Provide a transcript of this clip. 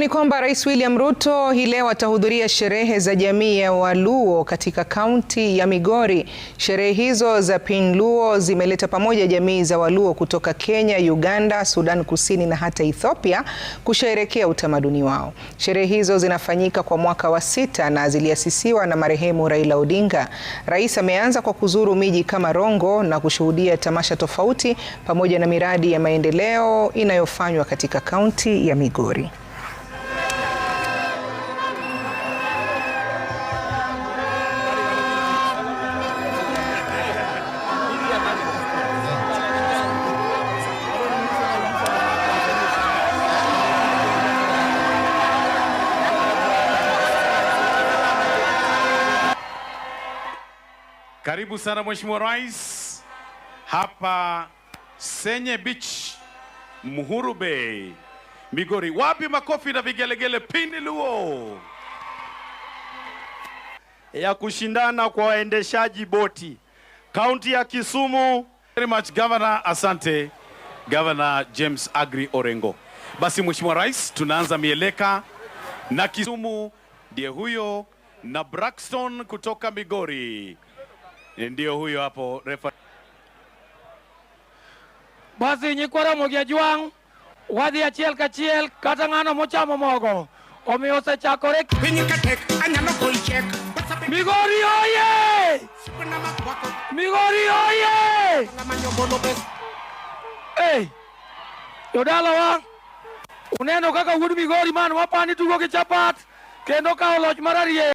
Ni kwamba Rais William Ruto hii leo atahudhuria sherehe za jamii ya Waluo katika kaunti ya Migori. Sherehe hizo za Pinluo zimeleta pamoja jamii za Waluo kutoka Kenya, Uganda, Sudan Kusini na hata Ethiopia kusherehekea utamaduni wao. Sherehe hizo zinafanyika kwa mwaka wa sita na ziliasisiwa na marehemu Raila Odinga. Rais ameanza kwa kuzuru miji kama Rongo na kushuhudia tamasha tofauti pamoja na miradi ya maendeleo inayofanywa katika kaunti ya Migori. Karibu sana Mheshimiwa Rais hapa Senye Beach, Muhuru Bay, Migori. Wapi makofi na vigelegele luo ya kushindana kwa waendeshaji boti kaunti ya Kisumu. Very much Governor, asante Governor James Agri Orengo. Basi Mheshimiwa Rais, tunaanza mieleka na Kisumu ndiye huyo na Braxton kutoka Migori. Ndiyo huyo hapo refa basi nyikwara mogia jwang' wadhi achiel kachiel kata ng'ano mochamo mogo omiyo osechakore piny katek anyalo gol chek migori oye migori oye hey, jodalawa uneno kaka wuod migori man wapani tugo gi chapat kendo kawo loch mararie